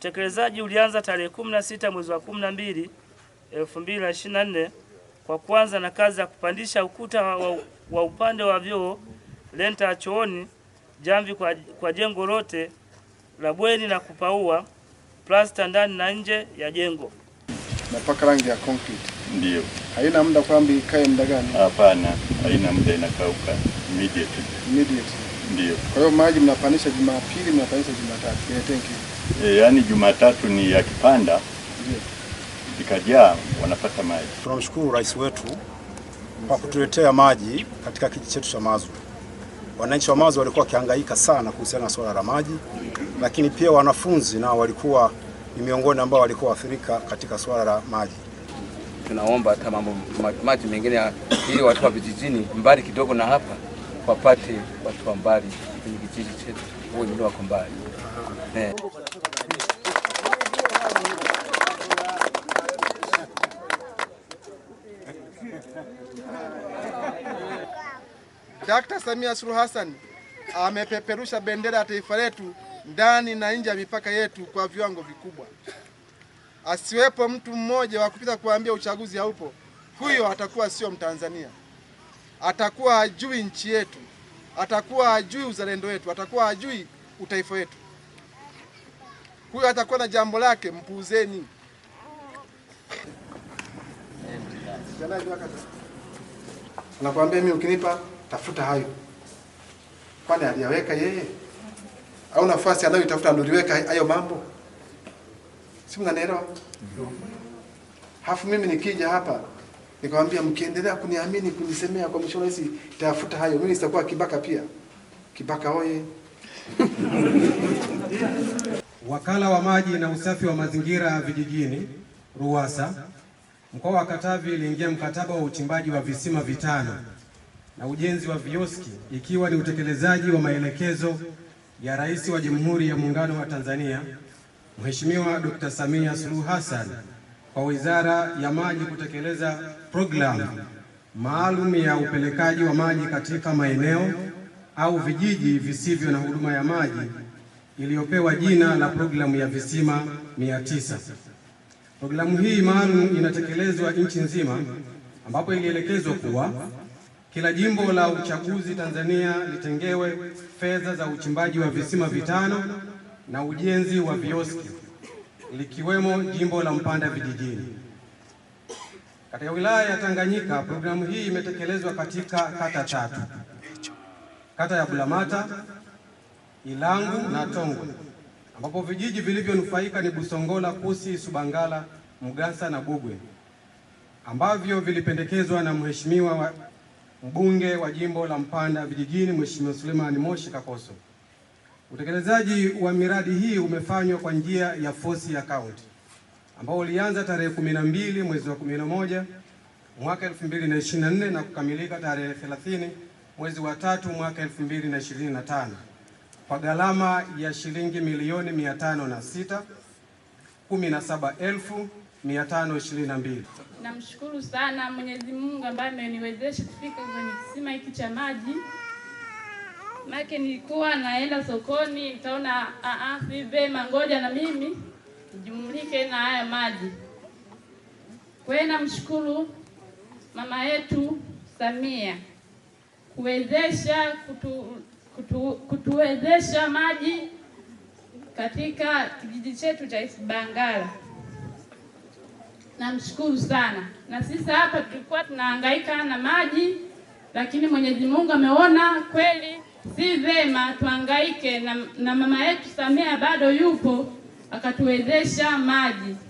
Utekelezaji ulianza tarehe 16 mwezi wa 12 2024 kwa kuanza na kazi ya kupandisha ukuta wa, wa upande wa vyoo lenta chooni jamvi kwa, kwa jengo lote la bweni na kupaua plasta ndani na nje ya jengo. Napaka rangi ya concrete. Ndio. Haina muda kwamba ikae muda gani? Hapana, haina muda, inakauka immediately. Immediately. Ndio. Kwa hiyo maji mnapandisha Jumapili, mnapandisha Jumatatu. Yeah, thank you e, yaani Jumatatu ni ya kipanda ikajaa wanapata maji. Tunamshukuru rais wetu kwa kutuletea maji katika kijiji chetu cha Mazwi. Wananchi wa Mazwi walikuwa wakihangaika sana kuhusiana na swala la maji, lakini pia wanafunzi nao walikuwa ni miongoni ambao walikuwa waathirika katika swala la maji. Tunaomba hata mambo maji mengine ili watu wa vijijini mbali kidogo na hapa wapate watu wa mbali kwenye kijiji chetu, wengine wako mbali. Eh. Dakta Samia Suluhu Hassan amepeperusha bendera ya taifa letu ndani na nje ya mipaka yetu kwa viwango vikubwa. Asiwepo mtu mmoja wa kupita kuambia uchaguzi haupo, huyo atakuwa sio Mtanzania, atakuwa ajui nchi yetu, atakuwa ajui uzalendo wetu, atakuwa ajui utaifa wetu. Huyo atakuwa na jambo lake, mpuuzeni. Nakwambia mimi ukinipa tafuta hayo. Kwani aliyaweka yeye au nafasi anayoitafuta aloliweka hayo mambo? Si mnanielewa? Hafu mimi nikija hapa nikamwambia, mkiendelea kuniamini kunisemea kwa mshono hizi tafuta hayo, mimi sitakuwa kibaka pia. Kibaka oye! Wakala wa maji na usafi wa mazingira vijijini RUWASA mkoa wa Katavi iliingia mkataba wa uchimbaji wa visima vitano na ujenzi wa vioski ikiwa ni utekelezaji wa maelekezo ya Rais wa Jamhuri ya Muungano wa Tanzania Mheshimiwa Dr. Samia Suluhu Hassan kwa Wizara ya Maji kutekeleza programu maalum ya upelekaji wa maji katika maeneo au vijiji visivyo na huduma ya maji iliyopewa jina la programu ya visima 900. Programu hii maalum inatekelezwa nchi nzima ambapo ilielekezwa kuwa kila jimbo la uchaguzi Tanzania litengewe fedha za uchimbaji wa visima vitano na ujenzi wa vioski likiwemo jimbo la Mpanda vijijini. Katika wilaya ya Tanganyika, programu hii imetekelezwa katika kata tatu: kata ya Bulamata, Ilangu na Tongwe, ambapo vijiji vilivyonufaika ni Busongola, Kusi, Subangala, Mugasa na Bugwe ambavyo vilipendekezwa na Mheshimiwa mbunge wa jimbo la Mpanda Vijijini, Mheshimiwa Suleiman Moshi Kakoso. Utekelezaji wa miradi hii umefanywa kwa njia ya force account ambao ulianza tarehe 12 mwezi wa 11 mwaka 2024 na kukamilika tarehe 30 mwezi wa tatu mwaka 2025 kwa gharama ya shilingi milioni 506 tano elfu 522. Namshukuru sana Mwenyezi Mungu ambaye ameniwezesha kufika kwenye kisima hiki cha maji. Make nilikuwa naenda sokoni, nikaona ah, ah, si vema, ngoja na mimi nijumulike na haya maji. Kwa hiyo namshukuru mama yetu Samia kuwezesha kutu, kutu, kutuwezesha maji katika kijiji chetu cha Isibangala namshukuru sana. Na sisi hapa tulikuwa tunahangaika na maji, lakini Mwenyezi Mungu ameona kweli si vema tuhangaike na, na mama yetu Samia bado yupo akatuwezesha maji.